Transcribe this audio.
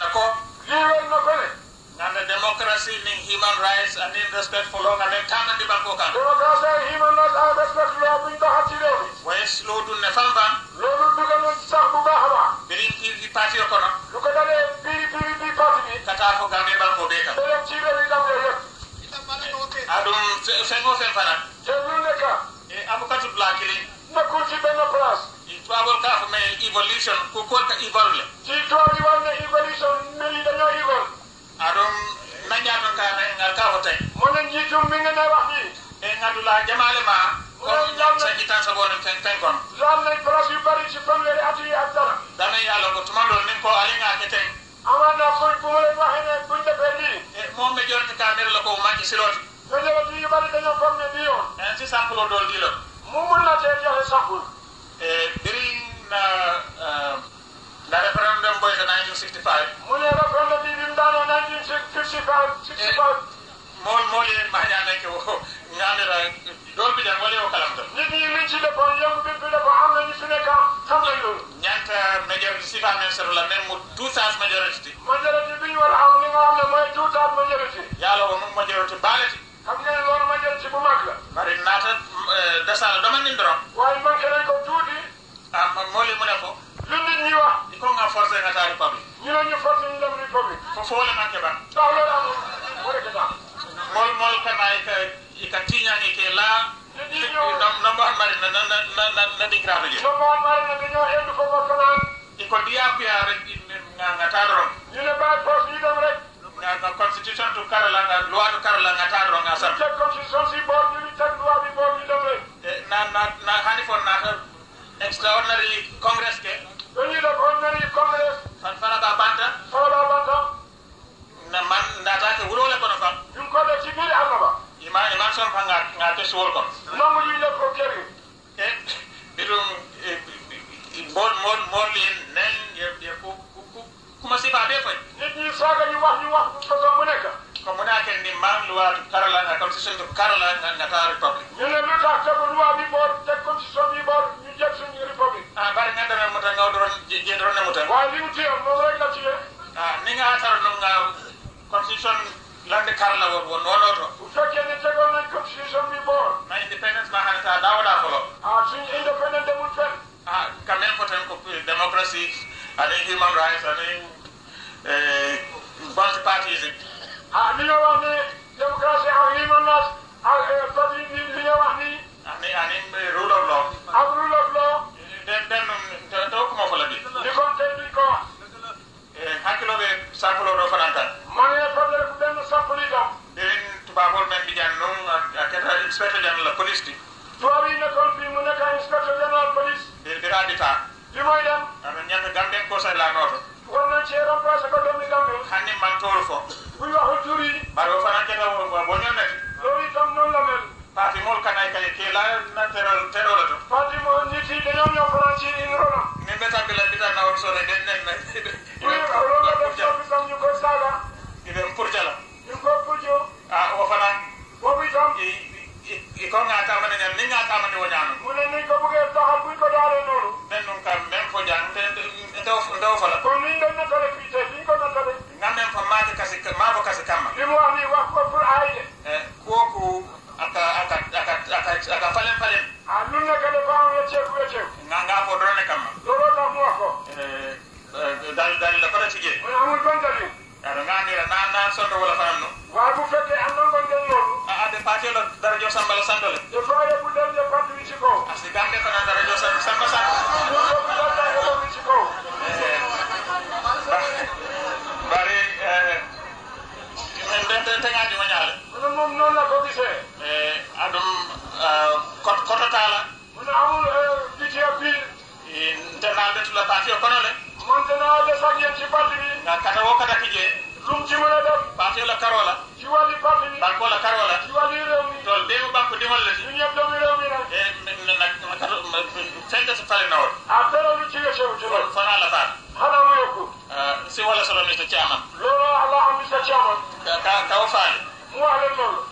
democracy in human rights and in respect for law and eternal di banko Democracy human rights and respect for law buñ ko xati rew mi. Way slow du ne fam fam. Lolu dugal ñu sax bu baax ba. Kata fo gamé banko be fengo fen fana. Jëlul ne abukatu blakili. Nakul ci tubaaboo kaa ko maye evolution ko koolka ivorle si tooɓi wonde evolution meli dañoo ivol a nañaa ɗon kaane ngal kaa ko tawi monen jiitum mingene waxti e ngandulaa jamaale ma sañi tan sagono ten tenkon jonne profi bari si famlere atuyi addana dana yaalo ko tumandol min ko alinga ke ten amana koy ɓuure wahene bunde ɓe ɗi e momme jonte ka nder loko maƴƴi siroti ɗo jewati yiɓari dañoo famne ɗi on en si sampulodol ɗilo mumunna te johe sampul about six about mool moole mañanake o ñamira ɗon mbiɗen waɗe o kalam tan nidi mincide ko yewɓe mbiɗa ko amnañi sine kam kamɓe ɗum ñanta majorité sifa men sotola men mo tousas majorité majorité mbiñ wata amninga amne moye tousas majorité yaalo ko mum majorité baalete kam nen loon majorité bo makla bari naata euh, dasala ɗomannin doron wawi manqueɗen ko tuuti ah, a moole mune ko lundi ñiwa ko nga forcé ngataari public ñinoñu forcé fofole manke ba mol mol kana ka ka tinya ni ke la dam na mari na na na na na di grado je mari na ñoo endu ko ko na e ko diya ko ya rek na na taro ni le ba ko bi dam rek na na constitution to karala nah, loi to karala nga constitution si bo ni tan loi bi bo ni rek eh, na na na na extraordinary congress ke ni le ordinary luwaatu Carolina constitution bi Carolina Natal Republic. ñu ne lu tax tegu loi bi boor teg constitution bi boor ñu jël suñu république. Ah, bari nga demee mu tënk nga doon jé jé ne mu tënk. waaye li mu téye moom rek la téye. ah ni nga xaaral ñoom nga constitution land Carolina woon woon noonu la. bu fekkee ne tegoon nañ constitution bi boor. na independence ba xam ne daa ko lor. ah suñu independence demul fenn. ah quand même peut-être que démocratie and Inspector General of Police ti tuwaɓinokon fi mu naka Inspector General Police ɓe mbira adita jumoyɗen aɗa ñande gamben kosaylanooto wonnon ceeron pase ko ɗommi gambe hanni mantooru fo ɓuy waho juri mbaɗo fananketa boñonnete lowi kam noon lamel parti mol kanay kaye keela na teɗoɗo to parti mo nitiɗe ñoño franci in rono min mbeta mbila mbita nawon sone ɗen nen ɓuy ko loɗo Dari dal la fara ci jé mu amul gondali nga ni na na sondo wala faram no wa bu fekké am na gondal lolu a a de la dara jo sambal sandale de faaye bu dal je parti ci ko asli gambe fana dara jo sambal sambal sandale ci ko bari eh ndente tenga di ma ñaale mom non la ko gisé eh adam kot kotata la mu amul bi internal de la partie kono le maintenant a ak yéen ci parti bi. nga kata woo kata tijjee. lu mu ci mën a def. parti la karoo la. ci parti bi. banko la karoo la. ci wàllu réew mi. tool déewu banko dimbal la ci. ñun ñëpp doomu réew mi eh, nag. te nag ma kata ma sayte su na woon. ah dara lu ci ah, si wala solo Mr Chairman. loolu wax la Chairman. ka ka ka mu wax leen